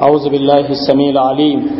أعوذ بالله السميع العليم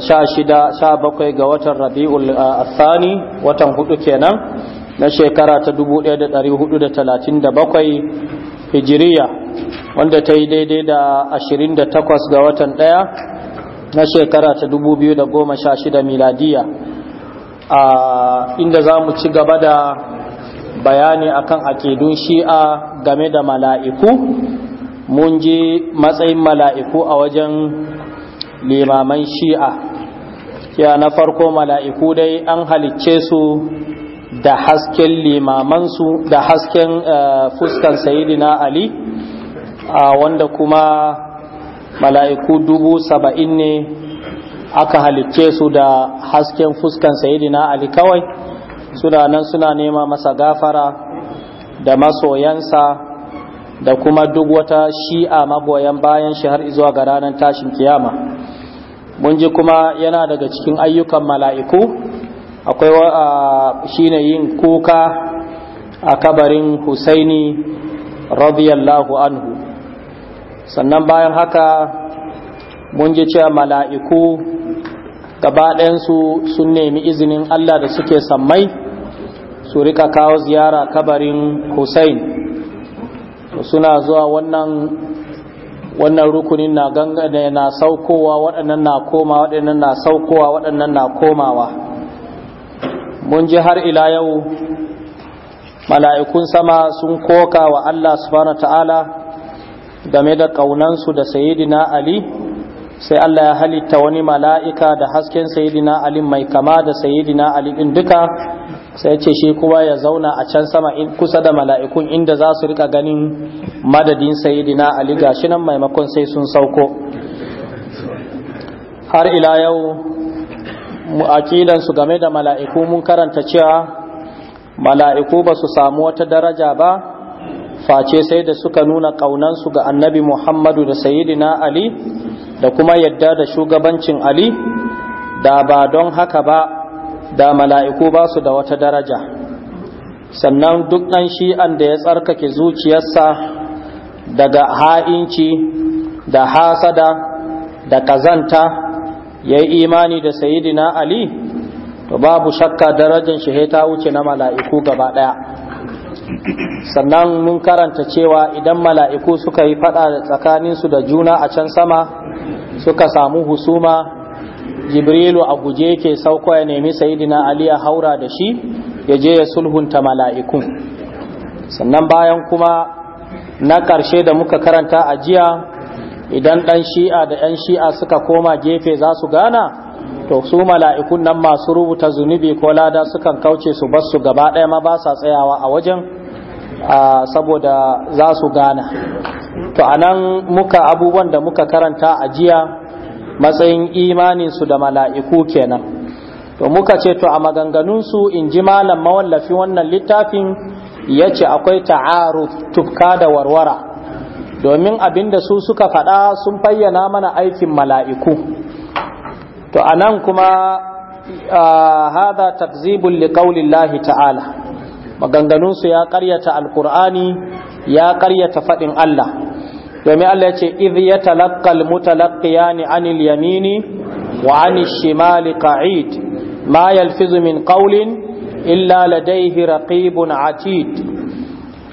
sha shida sa bakwai ga watan rabi'ul athani watan hudu kenan na shekara ta 1437 hijiriya wanda ta yi daidai da 28 ga watan daya na shekara ta 2016 miladiya a inda za mu ci gaba da bayani akan akidun shi'a game da mala'iku mun ji matsayin mala'iku a wajen limaman shi'a ya na farko mala'iku dai an halicce su da hasken limamansu da hasken eh, fuskan sayidina ali A wanda kuma mala'iku dubu saba'in ne aka halicce su da hasken fuskan sayidina ali kawai suna nan suna nema masa gafara da masoyansa da kuma duk wata shi'a magoyan bayan shi har zuwa ga ranar tashin kiyama mun ji kuma yana daga cikin ayyukan mala'iku akwai shine yin kuka a kabarin husaini radiyallahu anhu sannan bayan haka mun ji cewa mala'iku gabaɗayansu sun nemi izinin Allah da suke sammai su rika kawo ziyara kabarin husaini suna zuwa wannan wannan rukunin na gangane na saukowa waɗannan na koma waɗannan na saukowa waɗannan na komawa mun ji har ila yau mala'ikun sama sun koka wa Allah subhanahu ta'ala game da ƙaunansu da sayidina Ali sai Allah ya halitta wani mala'ika da hasken sayidina Ali mai kama da sayidina Ali ɗin duka sai ce shi kuma ya zauna a can sama kusa da mala'ikun inda za su rika ganin madadin sayidina ali gashi nan maimakon sai sun sauko har ila yau su game da mala'iku mun karanta cewa mala'iku ba su samu wata daraja ba face sai da suka nuna ƙaunansu ga annabi muhammadu da sayidina ali da kuma yadda da shugabancin ali da ba don haka ba da mala'iku ba su da wata daraja sannan duk ɗan shi'an da ya tsarkake zuciyarsa daga ha'inci da hasada da kazanta ya yi imani da sayidina ali to babu shakka darajar shi ta wuce na mala'iku gaba ɗaya sannan mun karanta cewa idan mala'iku suka yi faɗa tsakaninsu da juna a can sama suka samu husuma jibrilu a guje ke sauko ya nemi sayidina ali ya haura da shi ya je ya sulhunta mala'ikun sannan bayan kuma na ƙarshe da muka karanta a jiya idan ɗan shi'a da ‘yan shi'a suka koma gefe za su gana to su mala'ikun nan masu rubuta zunubi ko lada sukan kauce su bar su gaba ɗaya ma ba sa tsayawa a wajen saboda za su gana to anan muka abubuwan da muka karanta a jiya matsayin imaninsu da mala'iku kenan to muka ce to a maganganunsu in ji malam mawallafi wannan littafin ya ce akwai ta'aru tufka da warwara domin abinda su suka faɗa sun fayyana mana aikin mala'iku to a nan kuma hada takzibun liƙaulillahi ta'ala maganganunsu ya ƙaryata alƙur'ani ya ƙaryata faɗin Allah domin Allah ya ce idh yatalaqqal mutalaqiyani anil yamini wa anil shimali qa'id ma yalfizu min qawlin illa ladayhi raqibun atid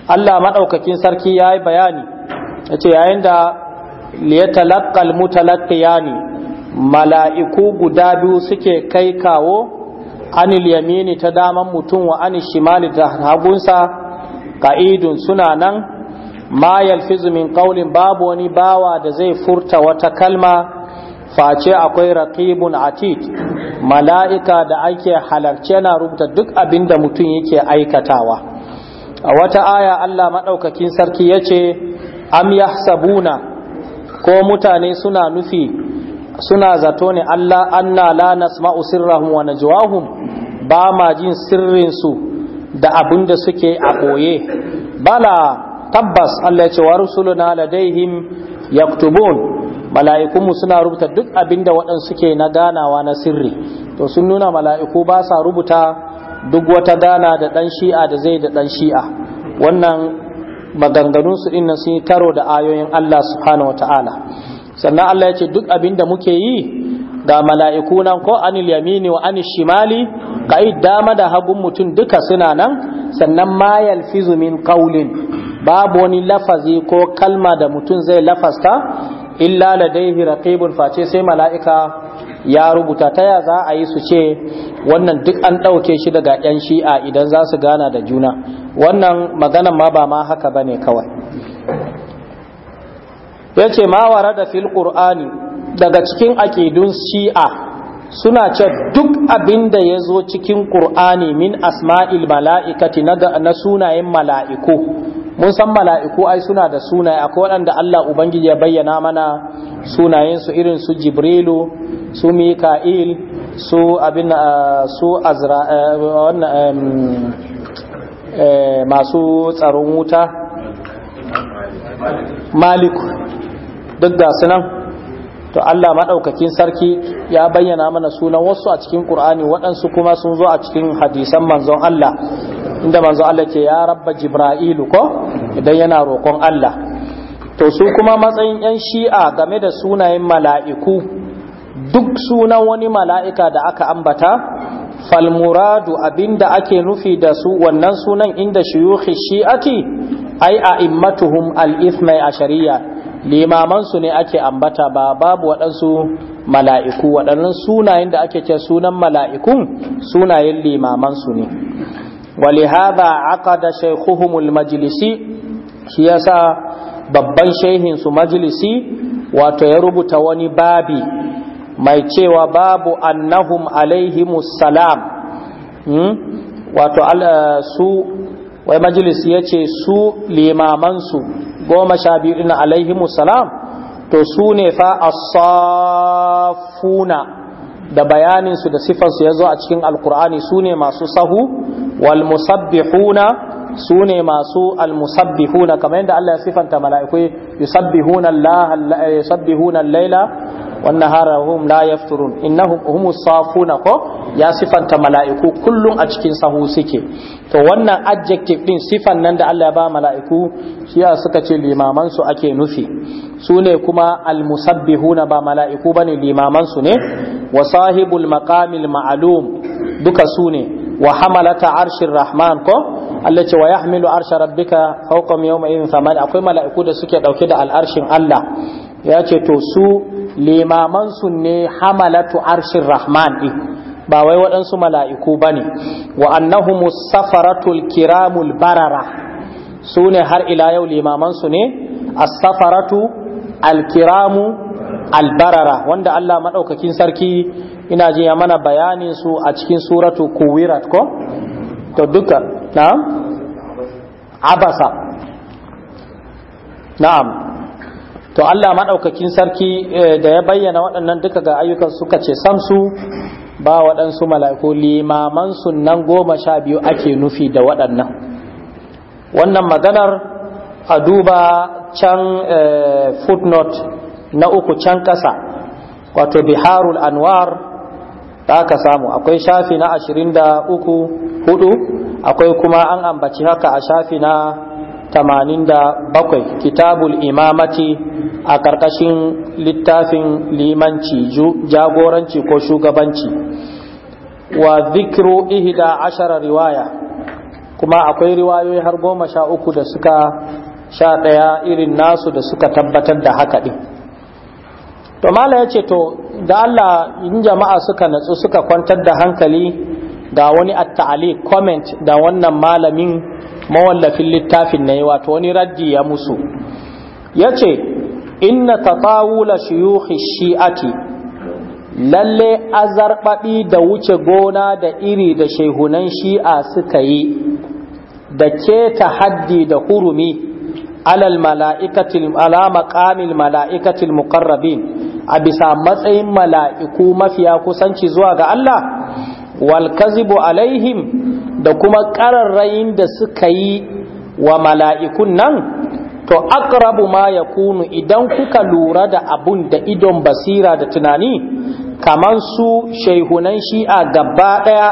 Allah madaukakin sarki yayi bayani yace yayin da ya yatalaqqal mutalaqiyani mala'iku guda biyu suke kai kawo anil yamini ta daman mutum wa anil shimali da hagunsa ka'idun suna nan ma yalfizu min qawlin babu wani bawa da zai furta wata kalma face akwai raqibun atid mala'ika da ake halarce na rubuta duk abinda da mutum yake aikatawa a wata aya Allah maɗaukakin sarki yace ce am yahsabuna ko mutane suna nufi suna zato ne Allah anna la nasma'u sirrahum wa najwahum ba ma jin sirrinsu da abinda suke a koye. bala tabbas Allah ya ce wa rusuluna ladaihim yaktubun mala'ikunmu suna rubuta duk abinda waɗansu suke na ganawa na sirri to sun nuna mala'iku ba sa rubuta duk wata gana da dan shi'a da zai da dan shi'a wannan maganganunsu ɗin nan sun yi da ayoyin Allah subhanahu wa ta'ala sannan Allah ya ce duk abinda muke yi ga mala'iku nan ko anil yamini wa anil shimali ka'id dama da hagun mutum duka suna nan sannan ma yalfizu min qaulin babu wani lafazi ko kalma da mutum zai lafasta illa daihi raqibun face sai mala'ika ya rubuta ta ya za a yi su ce wannan duk an ɗauke shi daga yan shi'a idan za su gana da juna wannan maganan ma ba ma haka bane kawai ya ce mawara da fil ƙur'ani daga cikin aƙidun shi'a suna ce duk abin da ya zo cikin ƙur'ani min asma'il mala'ikati na sunayen mala'iku mun san mala'iku ai suna da sunaye akwai waɗanda Allah ubangiji ya bayyana mana sunayensu irin su jibrilu su mika'il su abin eh, su azra eh, eh, masu tsaron wuta malik duk da sunan to Allah maɗaukakin sarki ya bayyana mana sunan wasu a cikin Qur'ani waɗansu kuma sun zo a cikin hadisan manzon Allah inda manzon Allah ke ya rabba Jibra'ilu ko idan yana roƙon Allah to su kuma matsayin yan shi'a game da sunayen mala'iku duk sunan wani mala'ika da aka ambata falmuradu abinda ake nufi da su wannan sunan inda shuyukhi shi'ati ai a immatuhum al a ashariya limamansu ne ake ambata ba babu waɗansu mala'iku waɗannan sunayen da ake ce sunan mala'ikun sunayen limamansu ne wali haɗa aka da shaikuhumul majalisi shi yasa babban shaihinsu majalisi wato ya rubuta wani babi mai cewa babu annahum alaihimus salam hmm? wato su wai majalisi ya ce su limamansu goma sha biyu ina alaihimu salam to su ne fa asafuna da bayaninsu da sifansu ya zo a cikin alkur'ani su ne masu sahu wal musabbihuna su ne masu almusabbihuna kamar yadda Allah ya sifanta mala'iku yusabbihuna Allah yusabbihuna laila wannan harahum la yafturun innahum humus safuna ko ya sifanta mala'iku kullum a cikin sahu suke to wannan adjective din sifan nan da Allah ya ba mala'iku shi suka ce limaman su ake nufi su ne kuma almusabbihuna ba mala'iku bane limaman su ne wa sahibul maqamil ma'lum duka su ne wa hamalata arshir rahman ko Allah ce wa yahmilu arsha rabbika fawqa yawma idhin thamani akwai mala'iku da suke dauke da al'arshin Allah ya ce to su limamansu ne hamalatu arshin rahman ɗin ba wai waɗansu mala'iku ba ne wa annahu safaratul kiramul barara su har ila yau limamansu ne as-safaratu al-kiramu albarara wanda Allah maɗaukakin sarki ina ji ya mana bayanin su a cikin suratu kuwirat ko? to duka na'am abasa na'am to Allah maɗaukakin sarki eh, da ya bayyana waɗannan duka ga ayyukan suka ce samsu ba waɗansu mala'iku limaman nan goma sha biyu ake nufi da waɗannan wannan maganar a duba can eh, footnote na uku can ƙasa wato biharul anwar da aka samu akwai shafi na ashirin da uku hudu akwai kuma an ambaci haka a shafi na 87 kitabul imamati a karkashin littafin limanci jagoranci ko shugabanci wa zikru da ashara riwaya kuma akwai riwayoyi har goma sha uku da suka sha ɗaya irin nasu da suka tabbatar da haka ɗin to mala ya ce to da Allah in jama'a suka natsu suka kwantar da hankali ga wani at comment da wannan malamin mawallafin littafin nayi wato wani raddi ya musu ya ce inna tatawula shuyuhi shi'ati lalle azarbaɗi da wuce gona da iri da shehunan shi'a suka yi da ke ta haddi da hurumi alal mala'ikatil ala maqamil mala'ikatil mukarrabin a bisa matsayin mala'iku mafiya kusanci zuwa ga Allah wal alaihim da kuma ƙararrayin da suka yi wa mala'ikun nan to akrabu ma ya kunu idan kuka lura da abun da idon basira da tunani kaman su shehunan shi'a gaba ɗaya,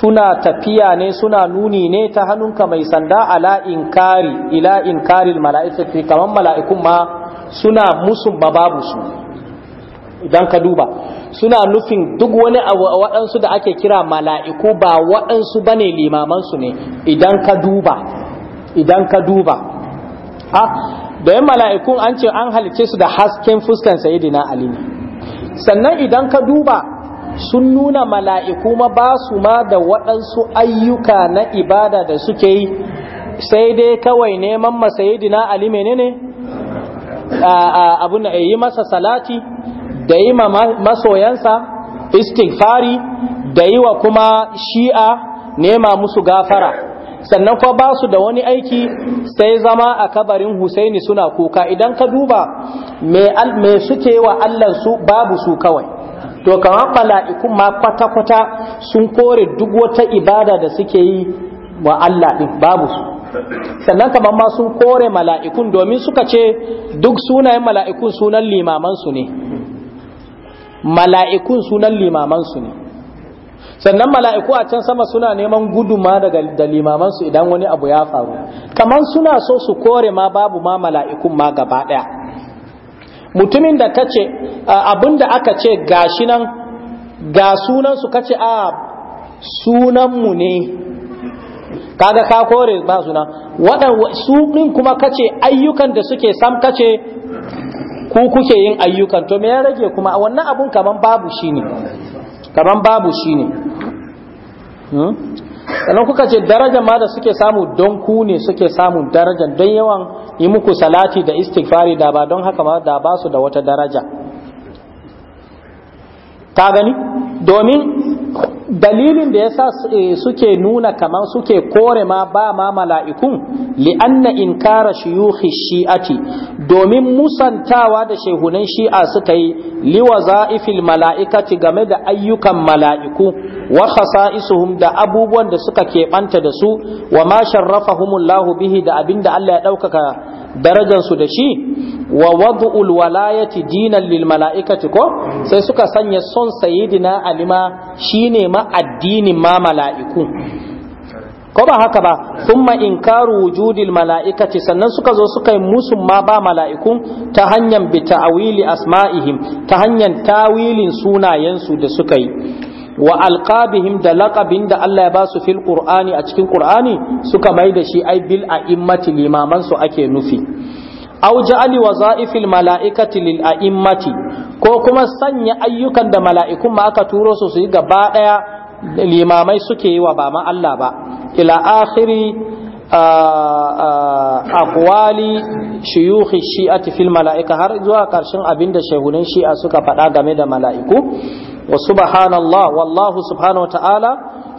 suna tafiya ne suna nuni ne ta hannunka mai sanda ala inkari ila inkari mala'ikati kaman mala'ikun ma suna musun babu su idan ka duba suna nufin duk wani a waɗansu da ake kira mala'iku ba waɗansu ba ne limamansu ne idan ka duba idan ka duba a ah, da yin mala'ikun an ce an halice su da hasken fuskan sayidina ali ne sannan idan ka duba sun nuna mala'iku ma ba su ma da waɗansu ayyuka na ibada da suke yi sai dai kawai neman ne ali menene ah, ah, na eh, yi masa salati da yi ma masoyansa istighfari da yi wa kuma shi'a nema musu gafara sannan kuma ba su da wani aiki sai zama a kabarin husaini suna kuka idan ka duba me suke wa allansu babu su kawai to kamar bala'ikun ma kwata-kwata sun kore duk wata ibada da suke yi wa Allah ɗin babu su sannan kamar ma sun kore mala'ikun domin suka ce duk sunayen mala'ikun sunan limamansu ne mala'ikun sunan limamansu ne sannan mala'iku a can sama suna neman guduma daga da limamansu idan wani abu ya faru kamar suna so su kore ma babu ma mala'ikun ma gaba ɗaya mutumin da ka ce abin da aka ce ga nan ga sunansu ka ce a sunanmu ne kaga ka kore ba suna waɗanda su ɗin kuma kace ayyukan da suke sam kace ku kuke yin ayyukan to me ya rage kuma wannan abun kaman babu shine kaman babu shine hmm? sannan kuka ce darajar ma da suke samu don ku ne suke samu darajar don yawan yi muku salati da istighfari da ba don haka ma da ba su da wata daraja ta gani domin dalilin da yasa eh, suke nuna kamar suke kore ma ba ma mala'ikun li'anna inkara shi shi'ati domin musantawa da shehunan shi'a suka yi liwa za'ifil mala'ikati game da ayyukan mala'iku wa khasa'isuhum da abubuwan da suka keɓanta da su wa ma sharrafahumullahu bihi da abinda Allah ya ɗaukaka darajarsu da shi wa wad'ul walayati dinan lil mala'ikati ko sai suka sanya son sayyidina ali ma shine ma addinin ma mala'iku ko ba haka ba thumma inkaru wujudil mala'ikati sannan suka zo suka yi musu ma ba ta hanyar bi ta'wili asma'ihim ta hanyar tawilin sunayensu da suka yi wa alqabihim da laqabin da Allah ya ba su fil qur'ani a cikin qur'ani suka mai da shi ai bil a'immati limaman su ake nufi au ja'ali wazaifil mala'ikati lil a'immati ko kuma sanya ayyukan da mala'ikun ma aka turo su su yi gaba daya limamai suke yi wa ba ma Allah ba ila akhiri aqwali shuyukh shi'ati fil mala'ika har zuwa karshen abinda shehunan shi'a suka faɗa game da mala'iku wa subhanallah wallahu subhanahu wa ta'ala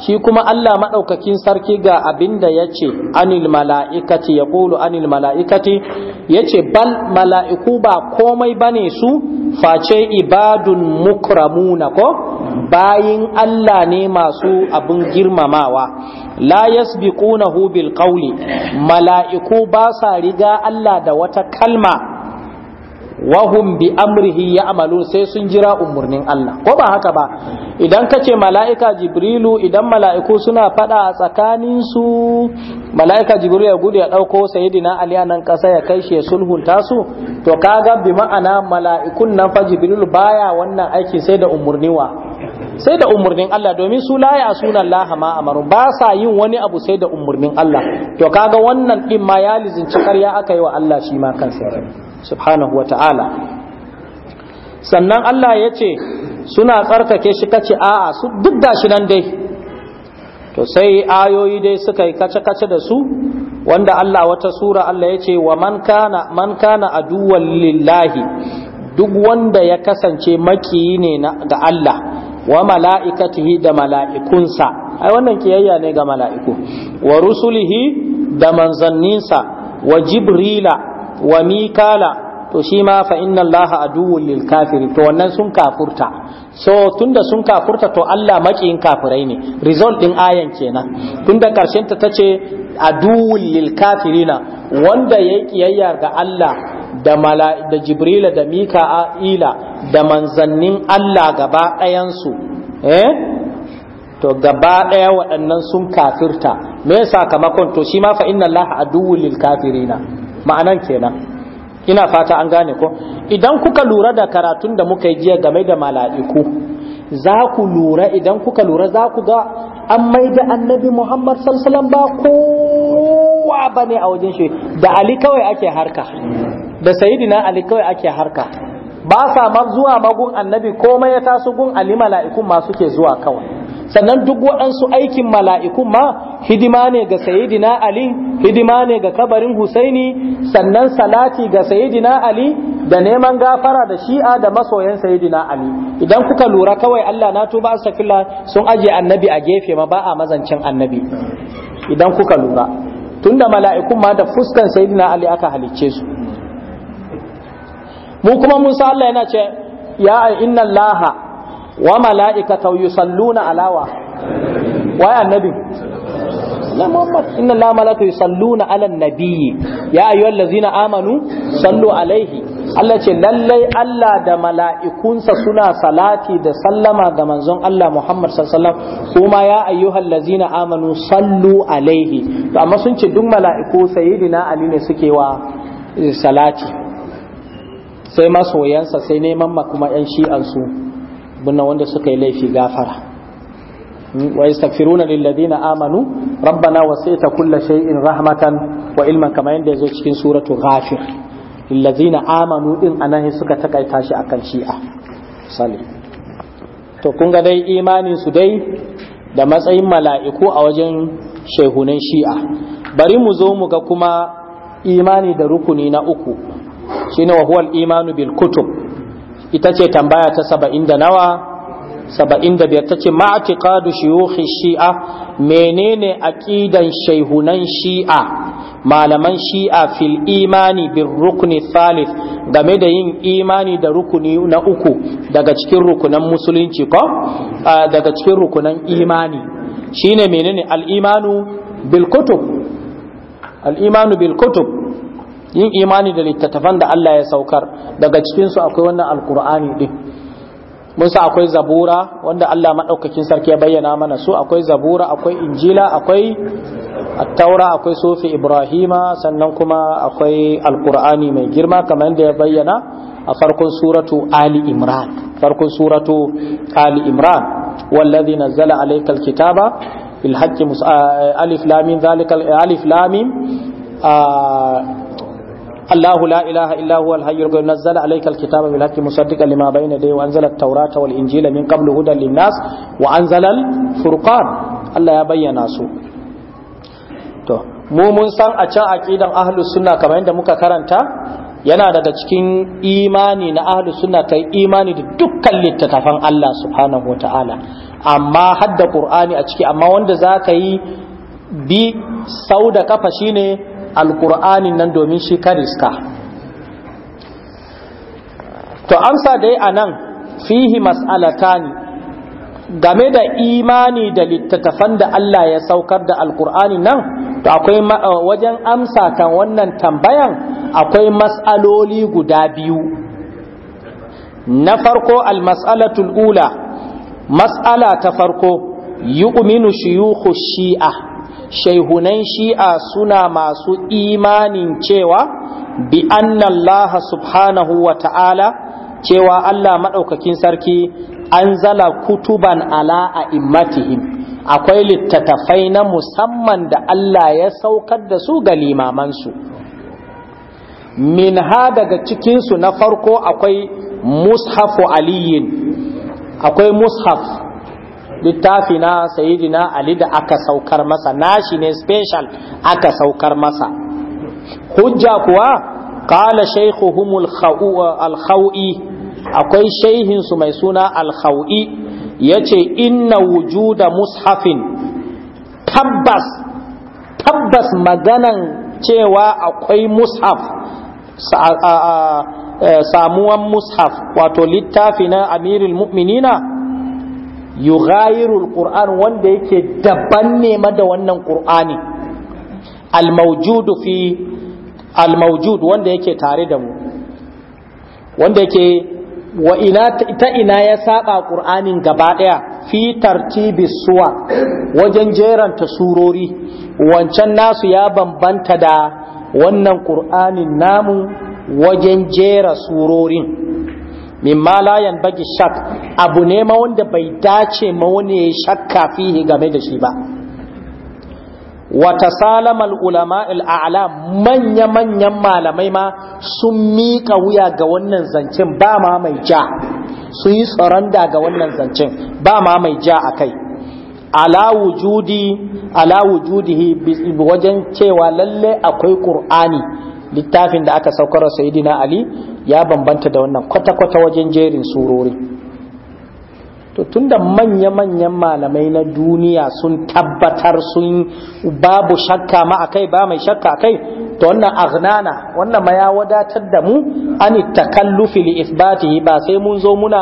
shi kuma Allah maɗaukakin sarki ga abin da ya ce anil mala'ikati ya ƙulu anil mala'ikati ya ce bal mala'iku ba komai ba ne su face ibadun mukramuna ko bayin Allah ne masu abin girmamawa la yasbiqunahu bil qawli mala'iku ba sa riga Allah da wata kalma wahum bi amrihi ya'malun sai sun jira umurnin Allah ko ba haka ba idan kace mala'ika jibrilu idan mala'iku suna fada a tsakanin mala'ika jibrilu ya gudu ya ɗauko sayyidina ali anan kasa ya kai shi ya sulhunta su to kaga bi ma'ana mala'ikun nan fa jibrilu baya wannan aiki sai da umurniwa sai da umurnin Allah domin su la ya sunan Allah ma amaru ba sa yin wani abu sai da umurnin Allah to kaga wannan ɗin ma ya lizinci karya aka yi wa Allah shi ma kansa subhanahu wa ta'ala sannan Allah ya ce suna tsarkake shi kace a'a su duk da shi nan dai to sai ayoyi dai suka yi kace-kace da su wanda Allah wata sura Allah ya ce wa man kana man kana lillahi duk wanda ya kasance makiyi ne ga Allah wa mala'ikatihi da mala'ikunsa ai wannan kiyayya ne ga mala'iku wa rusulihi da manzanninsa wa jibrila wa mikala to shi ma fa inna allaha aduwwul lil kafiri to wannan sun kafurta so tunda sun kafurta to Allah makiyin kafirai ne result din ayan kenan tunda karshen ta tace aduwwul lil kafirina wanda yayi kiyayya ga Allah da mala da jibrila da mika'ila da manzannin Allah gaba ɗayan su eh to gaba ɗaya waɗannan sun kafirta me sakamakon to shi ma fa inna allaha aduwwul lil kafirina ma'anan kenan ina fata an gane ko idan kuka lura da karatun da muka yi jiya game da mala'iku za ku lura idan kuka lura za ku ga an mai da annabi muhammad salsalan ba kowa ba ne a wajen shi da ali kawai ake harka da sayidina ali kawai ake harka ba sa ma zuwa magun annabi komai ya taso gun ali mala'ikun ma suke zuwa kawai sannan duk waɗansu aikin mala'ikun ma hidima ne ga sayidina ali hidima ne ga kabarin husaini sannan salati ga sayidina ali da neman gafara da shi'a da masoyan sayidina ali idan kuka lura kawai Allah na tuba astaghfirullah sun aje annabi a gefe ma ba a mazancin annabi idan kuka lura tunda mala'ikun ma da fuskan sayidina ali aka halicce su mu kuma Musa Allah yana ce ya inna laha wa mala'ikatu yusalluna alawa wai annabi na Muhammad inna Allah malaka yusalluna ala nabi ya ayyuhal ladzina amanu sallu alaihi Allah ce lallai Allah da mala'ikunsa suna salati da sallama ga manzon Allah Muhammad sallallahu kuma ya ayyuhal ladzina amanu sallu alaihi to amma sun ce duk mala'iku sayyidina Ali ne suke wa eh, salati sai masoyansa sai neman ma kuma yan shi'ansu bunna wanda suka yi laifi gafara wa yastaghfiruna lil ladina amanu rabbana wasita kulla shay'in rahmatan wa ilman kama ya yazo cikin suratu ghafir lil ladina amanu ɗin anan suka takaita shi akan shi'a salim to kun dai imanin su dai da matsayin mala'iku a wajen shaihunan shi'a bari mu zo mu ga kuma imani da rukuni na uku shine wa huwal imanu bil kutub ita ce tambaya ta saba'in da nawa saba'in da biyar ta ce ma'atiƙadu shiyuhi shi'a menene aƙidan shaihunan shi'a malaman shi'a fil imani bin rukni thalith game da yin imani da rukuni na uku daga cikin rukunan musulunci ko daga cikin rukunan imani shine menene al'imanu bil kutub al'imanu bil kutub yin imani da littattafan da Allah ya saukar daga cikinsu akwai wannan alkur'ani din mun sa akwai zabura wanda Allah maɗaukakin sarki ya bayyana mana su akwai zabura akwai injila akwai taura akwai sufi ibrahima sannan kuma akwai alkur'ani mai girma kamar yadda ya bayyana a farkon suratu ali imran farkon suratu ali imran wallazi nazzala alaykal kitaba bil haqqi alif lamin. alif الله لا إله إلا هو الحي القيوم نزل عليك الكتاب بالحق مصدقا لما بين يديه وأنزل التوراة والإنجيل من قبل هدى للناس وأنزل الفرقان الله يبين mu mun san a can aqidan ahlus sunna kamar yadda muka karanta yana daga cikin imani na ahlus sunna kai imani da dukkan littattafan Allah subhanahu wataala amma hadda qur'ani a ciki amma wanda zaka yi bi sau da kafa shine alkur'ani nan domin shi ka to amsa dai a nan fihi mas'alatani game da imani da littattafan da Allah ya saukar da alkur'ani nan to akwai eh, wajen amsa kan wannan tambayan akwai mas'aloli guda biyu na farko almas'alatul ula mas'ala ta farko yu'minu shuyukhu shi'a shaihunan shi'a suna masu imanin cewa bi annallaha subhanahu wa ta'ala cewa Allah maɗaukakin sarki an zala kutuban ala a immatihim akwai littattafai na musamman da Allah ya saukar da su ga limamansu min ha daga cikinsu na farko akwai mushafu aliyin akwai mushaf littafi na sayidina ali da aka saukar masa nashi ne special aka saukar masa hujja kuwa kala shaykhuhum al akwai shaihin su mai suna al-khawi yace inna wujuda mushafin tabbas tabbas maganan cewa akwai mushaf samuwan mushaf wato littafi na amirul mu'minina yughayirul qur'an wanda yake daban ne da wannan qur'ani al-mawjud fi al wanda yake tare da mu wanda yake wa ina ta ina ya saba qur'anin gaba daya fi tartibi suwa wajen jeranta surori wancan nasu ya bambanta da wannan qur'anin namu wajen jera surorin mimma la bagi shak abu ne ma wanda bai dace ma wani shakka fihi game da shi ba wa tasalama ulama al'ala manya manyan malamai ma sun miƙa wuya ga wannan zancen ba ma mai ja sun yi da ga wannan zancen ba ma mai ja akai ala wujudi ala wujudihi wajen cewa lalle akwai qur'ani littafin da aka saukar sayyidina ali ya bambanta da wannan kwata-kwata wajen jerin surori to tunda manya-manyan malamai na duniya sun tabbatar sun babu shakka ma akai ba mai shakka akai to wannan agnana wannan ma ya wadatar da mu an takallufi li isbatihi ba sai mun zo muna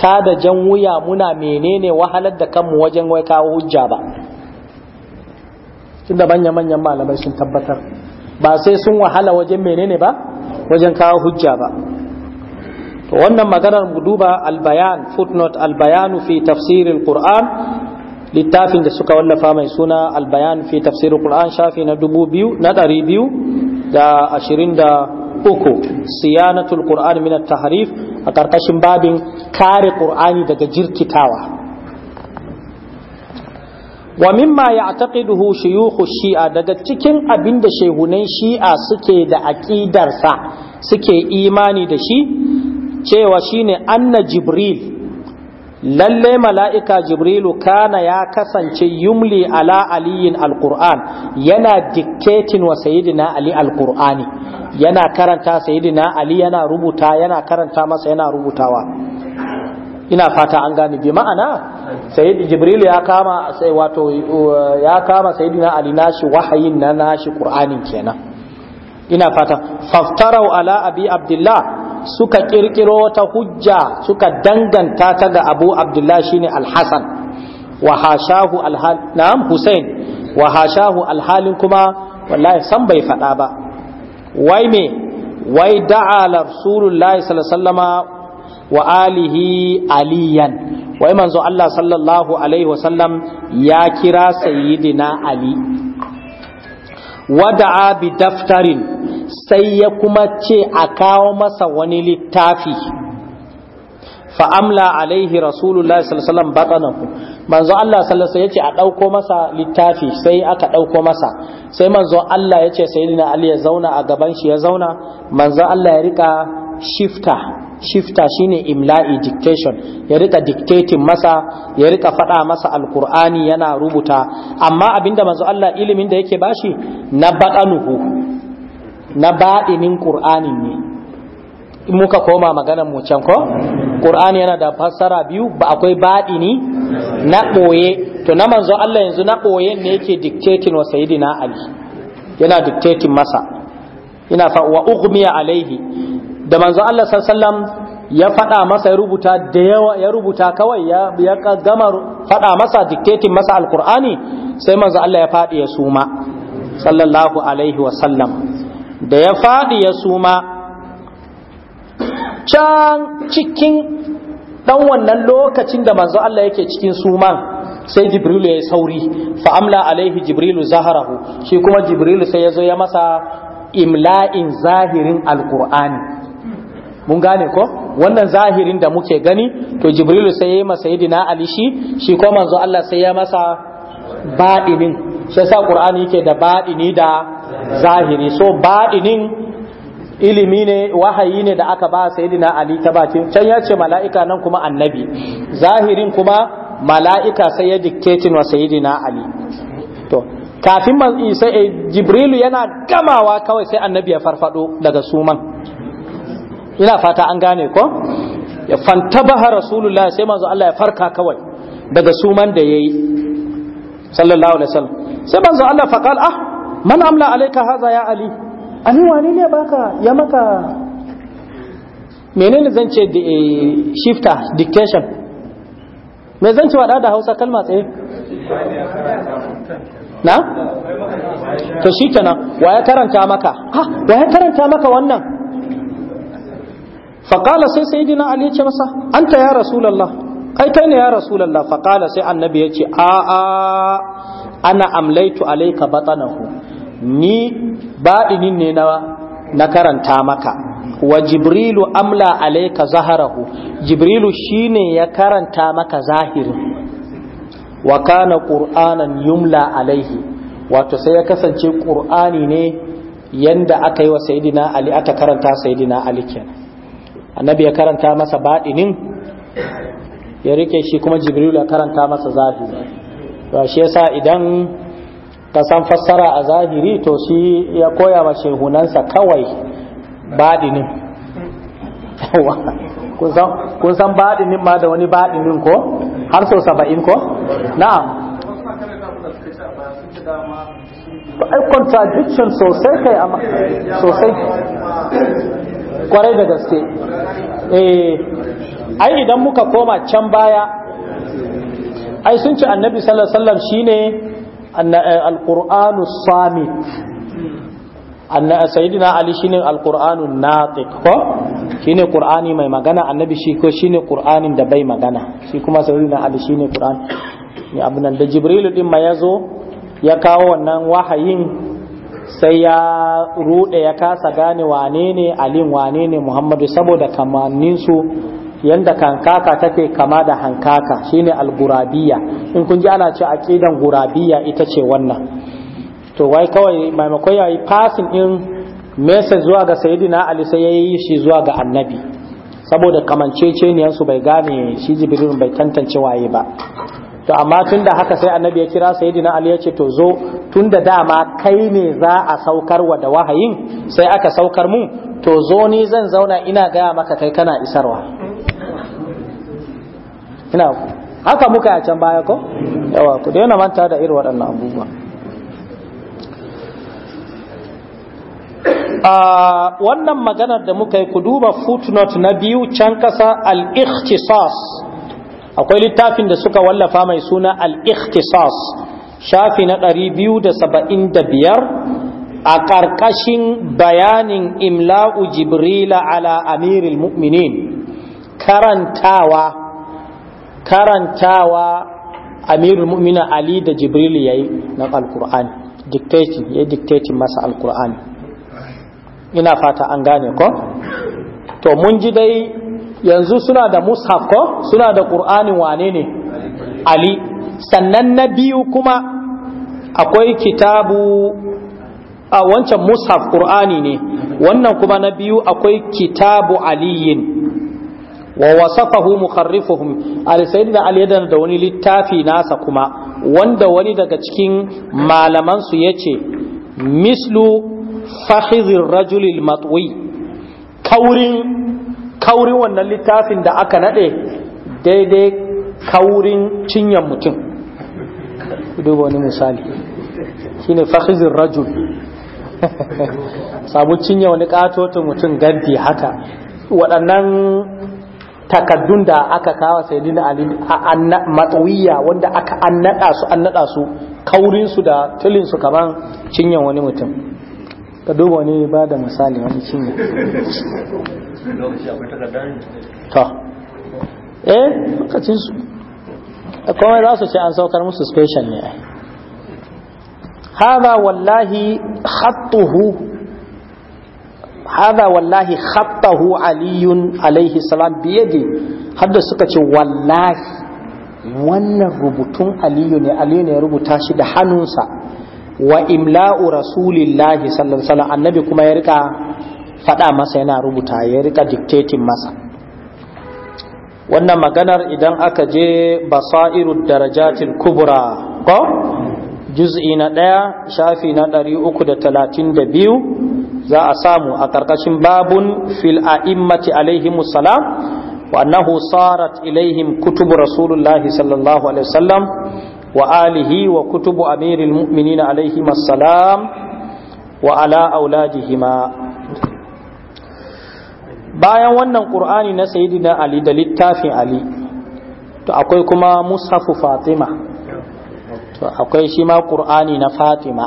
ta da jan wuya muna menene wahalar da kanmu wajen wai kawo hujja ba tunda manya-manyan malamai sun tabbatar ba sai sun wahala wajen menene ba wajen kawo hujja ba to wannan maganar mu duba albayan footnote albayanu fi tafsirin qur'an littafin da suka wallafa mai suna albayan fi tafsirin qur'an shafi na na ɗari biyu da ashirin da uku siyanatul qur'an min at-tahrif a ƙarƙashin babin kare qur'ani daga jirkitawa wa mimma ya'taqiduhu shuyukh shi'a daga cikin abin da shehunan shi'a suke da aƙidarsa suke imani da shi cewa shine anna jibril lalle mala'ika jibrilu kana ya kasance yumli ala aliyin alkur'an yana diktetin wa sayidina ali alkur'ani yana karanta sayidina ali yana rubuta yana karanta masa yana rubutawa ina fata an gane bi ma'ana sayyidi jibril ya kama sai wato ya kama sayyidina ali nashi wahayin na nashi qur'anin kenan ina fata faftarau ala abi abdullah suka kirkiro ta hujja suka danganta ta ga abu abdullah shine alhasan wa hashahu alhal na'am husain wa hashahu alhalin kuma wallahi san bai fada ba wai me wai da'a rasulullahi sallallahu alaihi wasallama wa alihi aliyan wai manzo Allah sallallahu alaihi wasallam ya kira sayyidina ali wada'a bi daftarin sai ya kuma ce a kawo masa wani littafi fa'amla alaihi rasulullahi sallallahu batanahu manzo Allah sallallahu ya ce a ɗauko masa littafi sai aka ɗauko masa sai manzo Allah ya ce sayyidina ali ya zauna a gaban shi ya zauna manzo Allah ya rika shifta shifta shine imla'i dictation ya rika dictating masa ya rika faɗa masa alkur'ani yana rubuta amma abinda manzo Allah ilimin da yake bashi na baɗanuhu na baɗinin ƙur'anin ne in muka koma maganar mu can ko ƙur'ani yana da fassara biyu ba akwai baɗini na ɓoye to na manzo Allah yanzu na boye ne yake dictating wa Sayyidina Ali yana dictating masa ina fa wa ughmiya alaihi da manzo Allah sallallahu ya faɗa masa ya rubuta da yawa ya rubuta kawai ya ya gama faɗa masa dictating masa alqur'ani sai manzo Allah ya faɗi ya suma sallallahu alaihi da ya faɗi ya suma can cikin dan wannan lokacin da manzo Allah yake cikin suman sai jibril ya yi sauri fa'amla alaihi jibrilu zaharahu shi kuma jibrilu sai ya zo ya masa imla'in zahirin alkur'ani mun gane ko wannan zahirin da muke gani to jibrilu sai ya masa yidina ali shi shi ko manzo Allah sai ya masa badinin shi yasa qur'ani yake da badini da zahiri so badinin ilimi ne wahayi ne da aka ba sayyidina ali ta bakin can ya ce mala'ika nan kuma annabi zahirin kuma mala'ika sai ya dictate wa sayyidina ali to kafin eh, jibrilu yana gamawa kawai sai annabi ya farfado daga suman ina fata an gane ko ya fantabaha rasulullahi sai manzo Allah ya farka kawai daga suman da yayi sallallahu alaihi wasallam sai manzo Allah fa qala ah man amla alayka hadha ya ali ani wani ne baka ya maka menene zan ce eh, shifta dictation me zan ce wada da Hausa kalma tsaye na to shikenan wa ya karanta maka ha wa ya karanta maka wannan faƙala sai dina ali ce masa an ta ya rasulallah kai kai ne ya rasulallah faƙala sai annabi ya ce a a ana amlaitu alaika batanahu ni baɗinin ne na karanta maka wa jibrilu amla alaika zaharahu jibrilu ne ya karanta maka zahiri wa kana ƙur'anan yumla alaihi wato sai ya kasance Ƙur'ani ne yanda aka yi wa Sayidina ali aka karanta sayyidina ali kenan annabi ya karanta masa baɗinin ya rike shi kuma jibril ya karanta masa zahiri ba shi yasa idan ka san fassara a zahiri to shi ya koya wa shehunansa kawai baɗinin kun san baɗinin ma da wani baɗinin ko har sau saba'in ko na'am ai contradiction sosai kai amma sosai kwarai da gaske eh ai idan muka koma can baya ai sun ce annabi sallallahu alaihi wasallam shine eh, alqur'anu samit anna eh, sayyidina ali shine alqur'anu natiq ko shine qur'ani mai magana annabi shi ko shine qur'anin da bai magana shi kuma sayyidina ali shine qur'an ne abunan da jibrilu din ma yazo ya kawo wannan wahayin sai ya rude ya kasa gane wane ne alin wane ne muhammadu saboda kamanninsu yanda kankaka take kama da hankaka shine algurabiya in kun ji ana ce aqidan gurabiya ita ce wannan to wai kawai maimakon yayi fasin in message zuwa ga sayyidina ali sai yayi shi zuwa ga annabi saboda kamanceceniyar bai gane shi jibril bai tantance waye ba to amma tun da haka sai annabi ya kira sayyidina ali ya ce to zo tun da dama kai ne za a saukar wa da wahayin sai aka saukar mu to zo ni zan zauna ina gaya maka kai kana isarwa ina haka muka ya can baya ko yawa ku daina manta da irin waɗannan abubuwa ah, wannan maganar da muka yi ku duba footnote na biyu can kasa al-ikhtisas akwai littafin da suka wallafa mai suna al-ikhtisas shafi na 275 a ƙarƙashin bayanin imla'u jibrila ala amiril mu'minin karantawa karantawa amirul mu'mina ali da jibril yayi na alqur'ani dictating yayi dictating masa alqur'ani ina fata an gane ko to mun ji dai yanzu suna da mushaf ko suna da qur'anin wane ne ali sannan na biyu kuma akwai kitabu a wancan mushaf qur'ani ne wannan kuma na biyu akwai kitabu aliyin wa wasafahu mukharrifuhum al-sayyidina ali yadan da wani littafi nasa kuma wanda wani daga cikin malaman su yace mislu fakhidhir rajulil matwi kaurin kaurin wannan littafin da aka nade daidai kaurin cinyan mutum duba wani misali ne fahizin rajul sabu cinye wani katotin mutum ganti haka waɗannan takaddun da aka kawo sai dina matsawiya wanda aka annada su annada su kaurinsu da tulinsu kaman cinyan wani mutum ka duba wani ba da misali wani cinye to eh lokacin su kuma za su ce an saukar musu special ne hada wallahi khattuhu hada wallahi khattahu aliyun alaihi salam biyadi hadda suka ce wallahi wannan rubutun aliyu ne aliyu ne ya rubuta shi da hannunsa wa imla'u rasulillahi sallallahu alaihi annabi kuma ya rika faɗa masa yana rubuta ya rika dictating masa wannan maganar idan aka je basairu darajatil kubra ko juz'i na ɗaya shafi na ɗari uku talatin da biyu za a samu a ƙarƙashin babun fil a'immati alaihimu salam wa annahu sarat ilaihim kutubu rasulullahi sallallahu alaihi wasallam وآله وكتب أمير المؤمنين عليهما السلام وعلى أولادهما bayan wannan ƙur'ani na sayidina ali da littafin ali to akwai kuma mushafu fatima to akwai shi ma ƙur'ani na fatima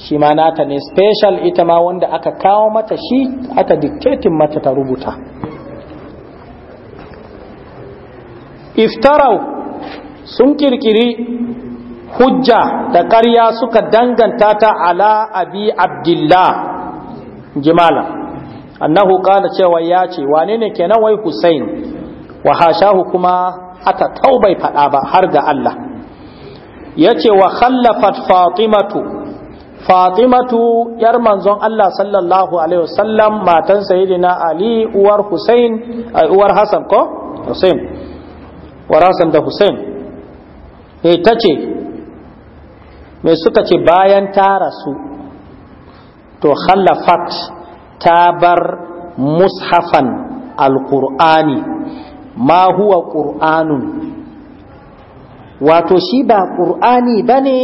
shi ma nata ne special ita ma wanda aka kawo mata shi aka dictating mata ta rubuta iftarau sun kirkiri hujja da ƙarya suka danganta ta ala abi abdullah jimala annahu qala cewa ya ce wane ne kenan wai husain wa hashahu kuma aka taubai faɗa ba har ga Allah yace wa khallafat fatimatu fatimatu yar manzon Allah sallallahu alaihi wasallam matan sayyidina ali uwar uwar hasan ko wa rasan da husain e ta ce mai suka ce bayan ta rasu to khallafat ta bar mushafan alƙur'ani ma huwa ƙur'anun wato shi ba ƙur'ani ba ne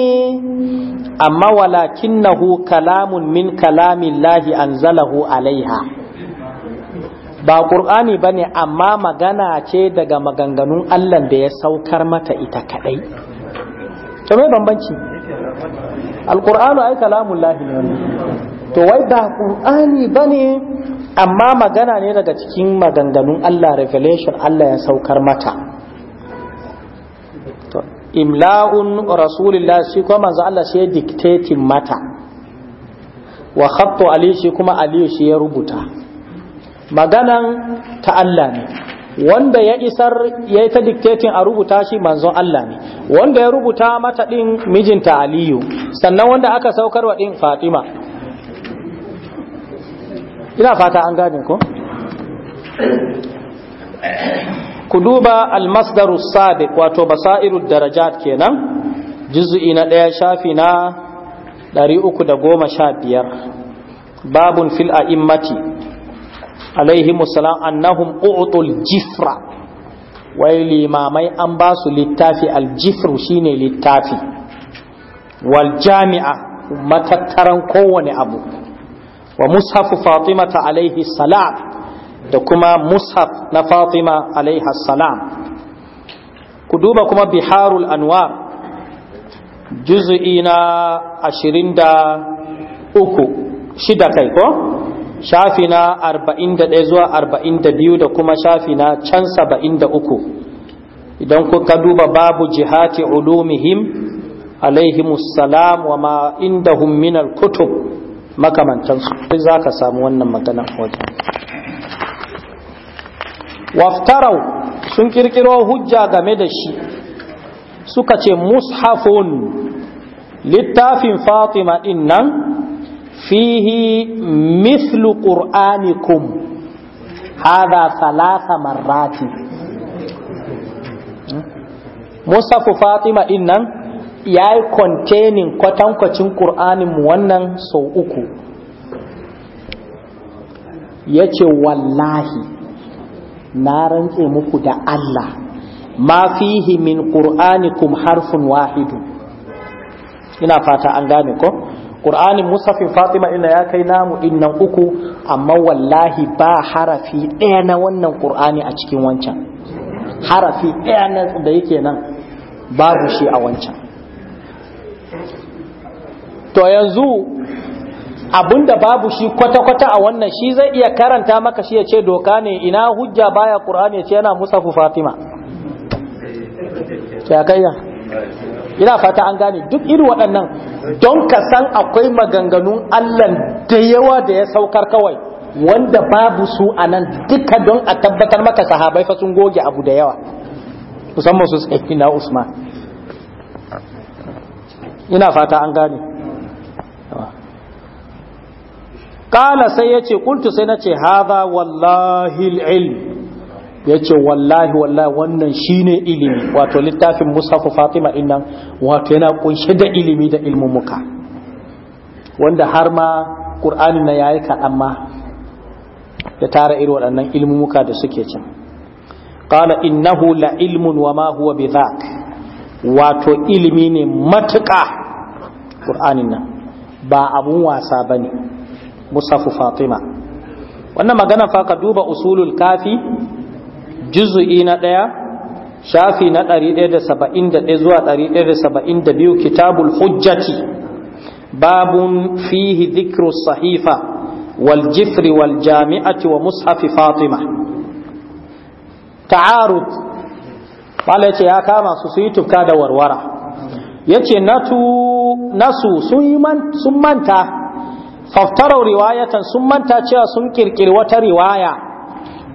amma walakin kalamun min kalamin lahi an zalahu alaiha ba ƙur'ani ba amma magana ce daga maganganun allah da ya saukar mata ita kaɗai to mai bambanci alƙur'anu ai kalamun lahi to wai ba ƙur'ani ba amma magana ne daga cikin maganganun allah revelation allah ya saukar mata imla'un rasulillah shi kuma manzo Allah shi ya dictating mata wa khattu ali shi kuma ali shi ya rubuta maganan ta Allah ne wanda ya isar ya ta diktetin a rubuta shi manzon Allah ne wanda ya rubuta mata ɗin mijinta aliyu sannan wanda aka wa ɗin fatima ina fata an gane ko ku duba almasdaru sadiq wato basairu darajat kenan juz'i na ɗaya shafi na 315 babun fil a'immati alaihimu salam annahum u'tul jifra wai limamai an ba su littafi aljifru shine littafi wal jami'a matattaran kowane abu wa mushafu fatimata alaihi salam da kuma mushaf na fatima alaihi salam ku duba kuma biharul anwar juzu'i na ashirin da uku shida kai ko shafi na 41 zuwa 42 da kuma shafi na can 73 idan kuka duba babu jihati ulumihim alaihimus salam wa ma indahum min al-kutub makamantansu za ka samu wannan magana wajen waftarau sun kirkiro hujja game da shi suka ce mushafun littafin fatima din nan fihi mislu qur'anikum hadha thalatha marrati hmm? musafu fatima din nan yayi containing kwatankwacin qur'anin mu wannan sau uku yace wallahi na rantse muku da Allah ma fihi min qur'anikum harfun wahidu ina fata an gane ko ƙur'anin musafin fatima ina ya kai namu innan uku amma wallahi ba harafi ɗaya na wannan ƙur'ani a cikin wancan harafi ɗaya na da yake nan babu shi a wancan to yanzu abinda babu shi kwata-kwata a wannan shi zai iya karanta maka shi ya ce doka ne ina hujja baya ƙur'ani ya ce yana musafu fatima ya ina fata an gane duk irin waɗannan don ka san akwai maganganun Allah da yawa da ya saukar kawai wanda babu su a nan duka don a tabbatar maka sahabai fa sun goge abu da yawa musamman su tsaki na Usman ina fata an gane kala sai ya ce kuntu sai na ce haza wallahi ilm yace wallahi wallahi wannan shine ilimi wato littafin mushafu fatima innan wato yana kunshe da ilimi da ilmumuka wanda har ma qur'anin na yayi kaɗan ma ya tara irin waɗannan ilmumuka da suke can qala innahu la ilmun wa ma huwa bidhak wato ilimi ne matuƙa qur'anin nan ba abun wasa bane mushafu fatima wannan magana fa ka duba usulul kafi juzu'i na ɗaya shafi na 171 zuwa 172 kitabul hujjati babun fihi dhikru sahifa wal jifri wal jami'ati wa mushafi fatima ta'arud wala yace ya kama su su yi tufka da warwara yace ce nasu sun manta faftarar riwayatan sun manta cewa sun kirkiri wata riwaya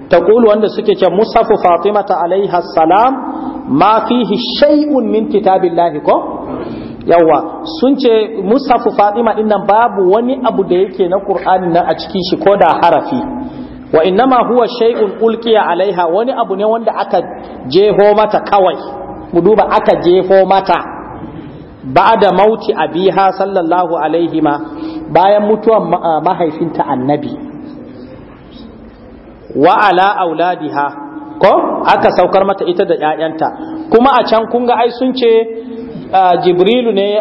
taqulu wanda suke ce musafu fatimata alaiha salam ma fihi shay'un min kitabillahi ko yawa sun ce musafu fatima din nan babu wani abu da yake na qur'ani na a cikin shi ko da harafi wa innama huwa shai'un ulqiya alaiha wani abu ne wanda aka jeho mata kawai mu duba aka jefo mata ba'da mauti abiha sallallahu alaihi ma bayan mutuwan mahaifinta annabi wa ala auladiha ko aka saukar mata ita da ƴaƴanta kuma a can kun ga ai sun ce jibrilu ne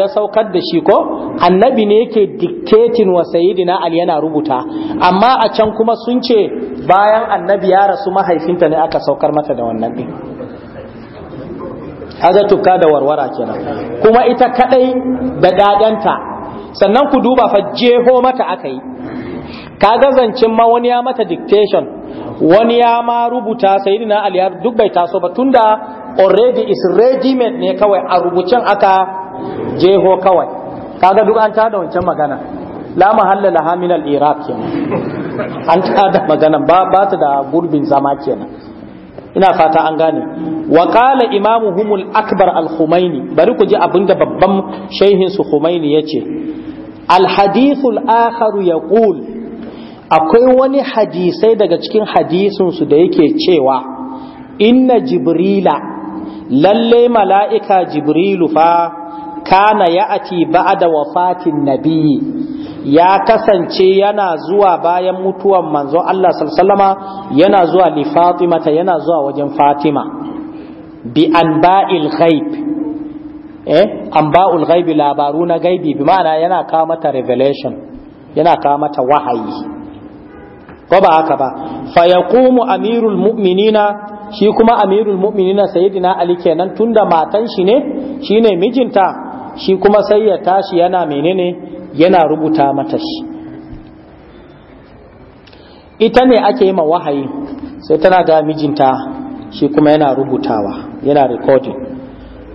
ya saukar da shi ko annabi ne yake dictating wa Sayyidina ali yana rubuta amma a can kuma sun ce bayan annabi ya rasu mahaifinta ne aka saukar mata da wannan din haza tukka da warwara kenan kuma ita kadai da ƴaƴanta sannan ku duba fa jeho mata aka yi ka zancen ma wani ya mata dictation wani ya ma rubuta sayyidina ali ya duk bai taso ba tunda already is regiment ne kawai a rubucin aka jeho kawai kaga duk an tada wancan magana la mahalla la min al iraq kenan an tada magana ba ba ta da gurbin zama kenan ina fata an gane wa qala imamu humul akbar al khumaini bari ku ji abinda babban shehin su khumaini yace al hadithul al akhar yaqul akwai wani hadisai daga cikin su da yake cewa inna jibrila lalle mala'ika jibrilu fa kana ya ati da wafatin nabiyyi ya kasance yana zuwa bayan mutuwar manzo Allah sallama yana zuwa li fatimata yana zuwa wajen fatima bi anba'il ghaib eh anba'ul ghaibi labaru na gaibi bi ma'ana yana kawo mata revelation yana kawo mata wahayi ko ba haka ba fa yaqumu amirul mu'minina shi kuma amirul mu'minina sayyidina ali kenan tunda matan shi ne shine mijinta shi kuma sai ya tashi yana menene yana rubuta mata shi ita ne ake yi ma wahayi sai tana ga mijinta shi kuma yana rubutawa yana recording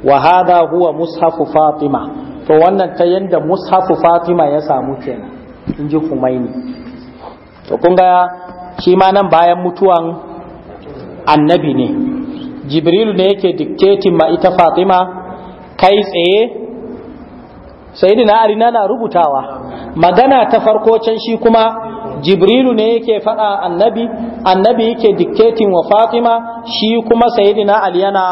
wa hadha huwa mushafu fatima to wannan ta yanda mushafu fatima ya samu kenan in ji Humaini to kun ga shi ma nan bayan mutuwan annabi ne jibrilu ne yake dictating ma ita fatima kai tsaye sayyidina ali na rubutawa magana ta farko can shi kuma jibrilu ne yake faɗa annabi annabi yake dictating wa fatima shi kuma sayyidina ali yana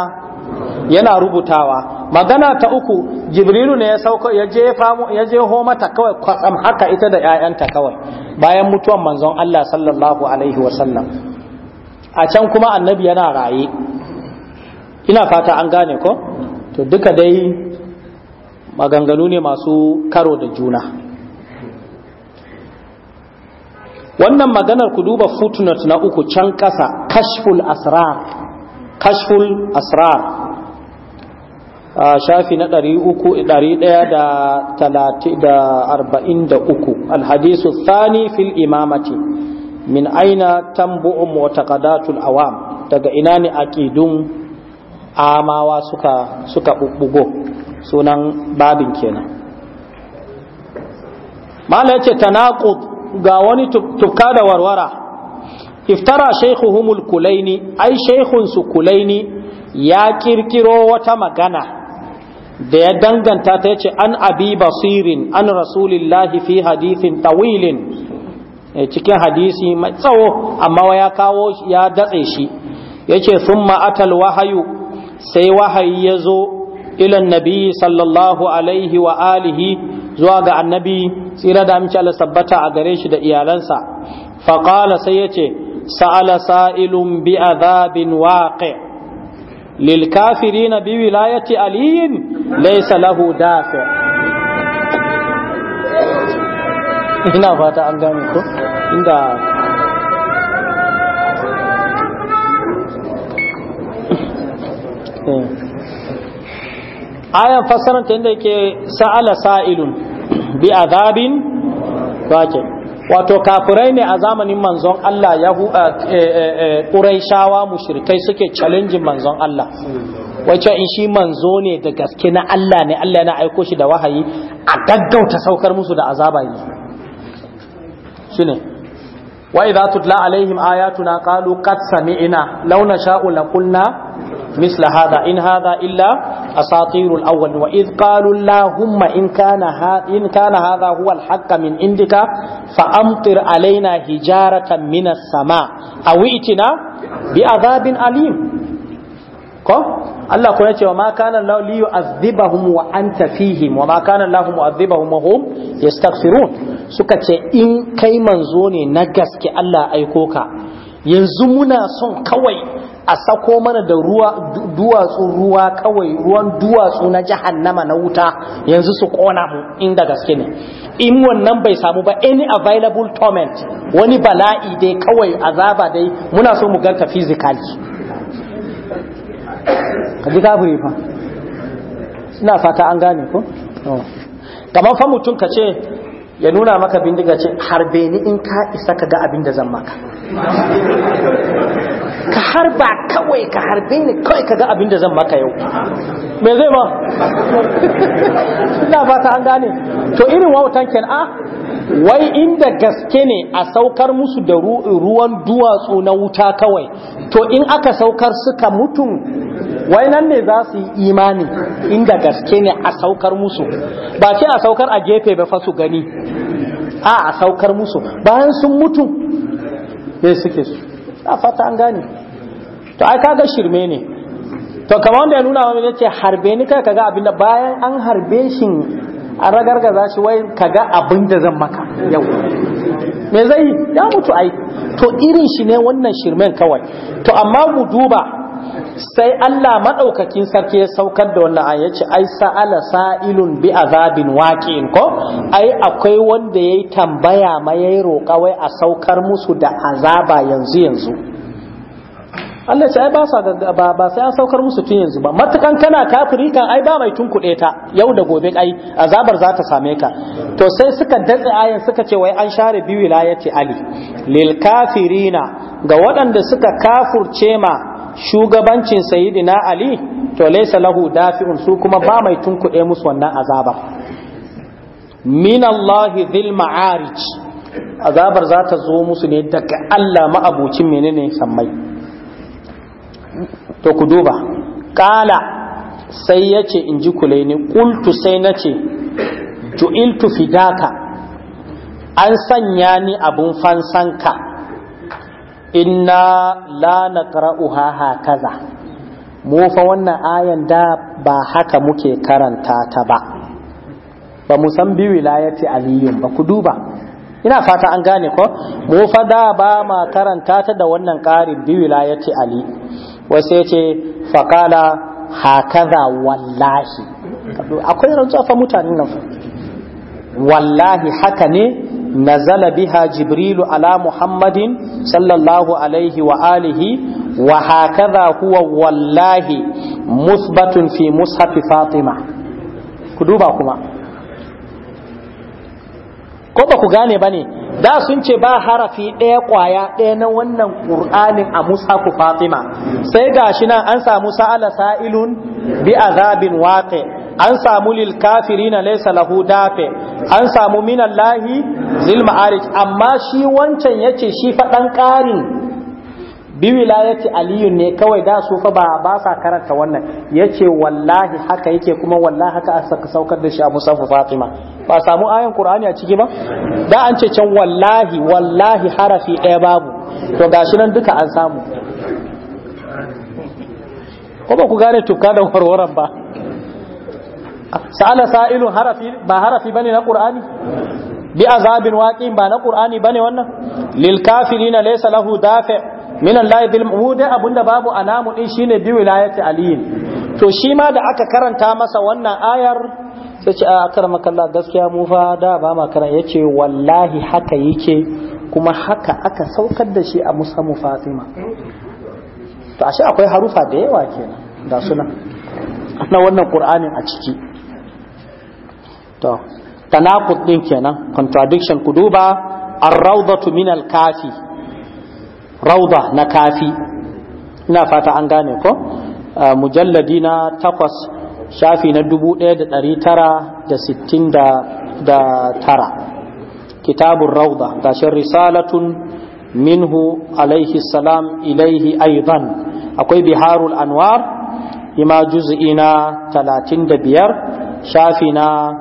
yana rubutawa magana ta uku jibrilu ne ya sauko ya famu ya jeho mata kawai kwatsam haka ita da ƴaƴanta kawai bayan mutuwan manzon Allah sallallahu alaihi wa a can kuma annabi yana raye ina fata an gane ko to duka dai maganganu ne masu karo da juna wannan maganar ku duba footnote na uku can ƙasa kashful asrar kashful asrar shafi na uku alhadisu thani fil imamati min aina tambu'u mu'taqadatul awam daga ina ne aqidun amawa suka suka sunan babin kenan mala yace tanaqud ga wani tufka da warwara iftara shaykhuhum humul kulaini ai shaykhun su kulaini ya kirkiro wata magana da ya danganta ta yace an abi basirin an rasulillahi fi hadithin tawilin eh, cikin hadisi mai tsawo amma ya kawo ya datse shi yace sun ma'atal wahayu sai wahayi ya zo ilan nabi sallallahu alaihi wa alihi zuwa ga annabi tsira da amince ala sabbata, a gare shi da iyalansa faqala sai yace sa'ala sa'ilun bi adhabin waqi' lil kafirina bi wilayati aliyin laysa lahu dafi eh. ayan fasarar ta inda yake sa'ala sa'ilun bi wato kafirai ne a zamanin manzon Allah yahu ƙuraishawa eh, eh, eh, mushrikai suke challenge manzon Allah wacce in shi manzo ne da gaske na Allah ne Allah yana aiko shi da wahayi a gaggauta saukar musu da azaba ne wa idza tutla alaihim ayatuna qalu qad sami'na law nasha'u la kunna misla haza in hadha illa asatirul awwal wa idh qalu allahumma in kana ha in kana hadha huwa al min indika fa amtir alaina hijaratan minas sama aw itina bi adhabin alim ko Allah ko yace wa ma kana Allah li yu'adhibahum wa anta fihim wa ma kana Allah mu'adhibahum wa hum yastaghfirun suka ce in kai manzo ne na gaske Allah aiko ka yanzu muna son kawai a sako mana da ruwa duwatsu ruwa kawai ruwan duwatsu na jahannama na wuta yanzu su kona mu inda gaske ne in wannan bai samu ba any available torment wani bala'i dai kawai azaba dai muna so mu ganta physically ka ji fa ina fata an gane ko oh. kamar fa mutum ka ce ya nuna maka bindiga ce harbe ni in ka isa ka ga abin da zan maka ka harba kawai ka harbe ni kawai ka ga abin da zan maka yau me zai ma ina fata an gane to irin wautan ken a ah, wai inda gaske ne a saukar musu da ruwan duwatsu na wuta kawai to in aka saukar suka mutum wai nan ne za su yi imani inda gaske ne a saukar musu ba ce a saukar a gefe ba fa su gani a ah, a saukar musu bayan sun mutu ne suke su a fata an gane to ai kaga shirme ne to kamar wanda ya nuna wa ce harbe ni kai kaga abinda bayan an harbe shi an ragargaza shi wai kaga abinda zan maka yau me zai yi? ya mutu ai to irin shi ne wannan shirmen kawai to amma mu duba sai Allah madaukakin sarki ya saukar da wannan aya ce ai sa'ala sa'ilun bi azabin waqi'in ko ai akwai wanda yayi tambaya ma yayi roƙa wai a saukar musu da azaba yanzu yanzu Allah ce ai ba sa ba ba sai an saukar musu tun yanzu ba matukan kana kafiri kan ai ba mai tun tunkuɗe ta yau da gobe ai azabar za ta same ka to sai suka datse ayan suka ce wai an share bi wilayati ali lil kafirina ga waɗanda suka kafurce ma shugabancin sayyidina ali to laysa lahu dafi'un su kuma ba mai tun tunkuɗe musu wannan azaba min Allah dhil ma'arij azabar za ta zo musu ne daga Allah ma'abucin menene sammai to ku duba ƙala sai yace ce in ji kulaini ƙultu sai nace, ce ju'iltu fidaka an sanya ni abun fansanka inna la naqra'uha hakaza mu fa wannan ayan da ba haka muke karanta ta ba ba mu san bi wilayati aliyun ba ku duba ina fata an gane ko mu fa da ba ma karanta ta da wannan ƙarin bi wilayati ali wasu ya ce faƙala hakaza wallahi akwai rantsuwa fa mutanen nan wallahi haka ne nazala biha jibrilu ala muhammadin sallallahu alaihi wa alihi wa hakaza huwa wallahi musbatun fi mushafi fatima ku duba kuma ko ba ku gane ba ne da sun ce ba harafi ɗaya ƙwaya ɗaya na wannan ƙur'anin a musa ku fatima sai gashi nan an samu sa'ala sa'ilun bi azabin waƙe an samu lil na laisa lahu dafe an samu minallahi zil ma'arij amma shi wancan yace shi faɗan ƙarin bi wilayati Aliyu ne kawai da su fa ba ba sa karanta wannan yace wallahi haka yake kuma wallahi haka aka saukar da shi a musafu fatima ba samu ayan qur'ani a ciki ba da an ce can wallahi wallahi harafi ɗaya babu to gashi nan duka an samu ko ba ku gane tukka da warwaran ba sa'ala sa'ilun harafi ba harafi bane na qur'ani bi azabin waqin ba na qur'ani bane wannan lil kafirina laysa lahu dafi' Minan layi bil mu dai abinda babu alamu din shine bi wilayati aliyi to shi ma da aka karanta masa wannan ayar sai ce a akramaka Allah gaskiya mu fa da ba ma yace wallahi haka yake kuma haka aka saukar da shi a musamman Fatima to ashe akwai harufa da yawa kenan da suna na wannan Qur'anin a ciki to tanaqud din kenan contradiction ku duba ar-rawdatu min al-kafi rauda na kafi ina fata an gane ko mujalladi na takwas shafi na dubu ɗaya da ɗari tara da sittin da tara kitabun rauda gashin risalatun minhu alaihi salam ilaihi aizan akwai biharul anwar ima juz'i na talatin da biyar shafi na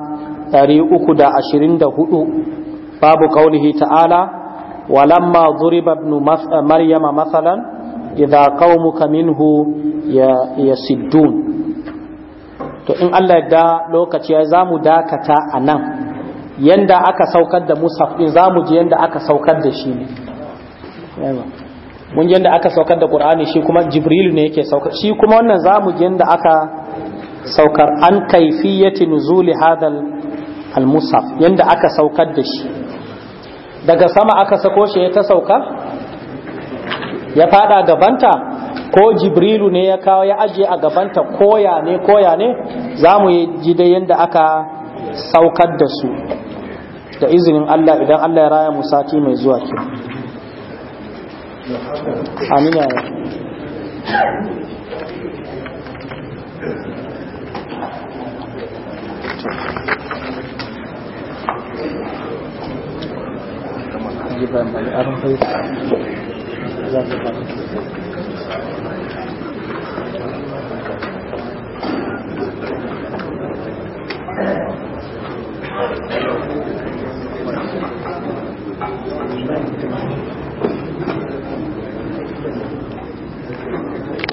ɗari uku da ashirin da hudu babu kaunihi ta'ala ولما ضرب ابن مريم مثلا إذا قومك منه يسدون to in Allah da lokaci ya zamu dakata a nan yanda aka saukar da musaf din zamu ji yanda aka saukar da shi ne mun yanda aka saukar da Qur'ani shi kuma Jibril ne yake saukar shi kuma wannan zamu ji yanda aka saukar an kaifiyati nuzuli hadal al-musaf yanda aka saukar da shi daga sama aka sako shi ya ta sauka ya fada gabanta ko jibrilu ne ya kawo ya ajiye a gabanta koya ne koya ne za mu yi jide yadda aka saukar da su da izinin Allah idan Allah ya raya musati mai zuwa ke amina ya الجبال على أرض خيط ذات الجبال Thank you.